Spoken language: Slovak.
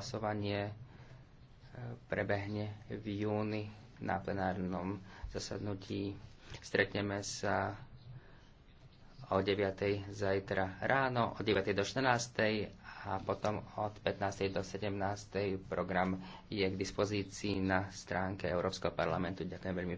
hlasovanie e, prebehne v júni na plenárnom zasadnutí. Stretneme sa o 9. zajtra ráno, od 9. do 14. a potom od 15. do 17. program je k dispozícii na stránke Európskeho parlamentu. Ďakujem veľmi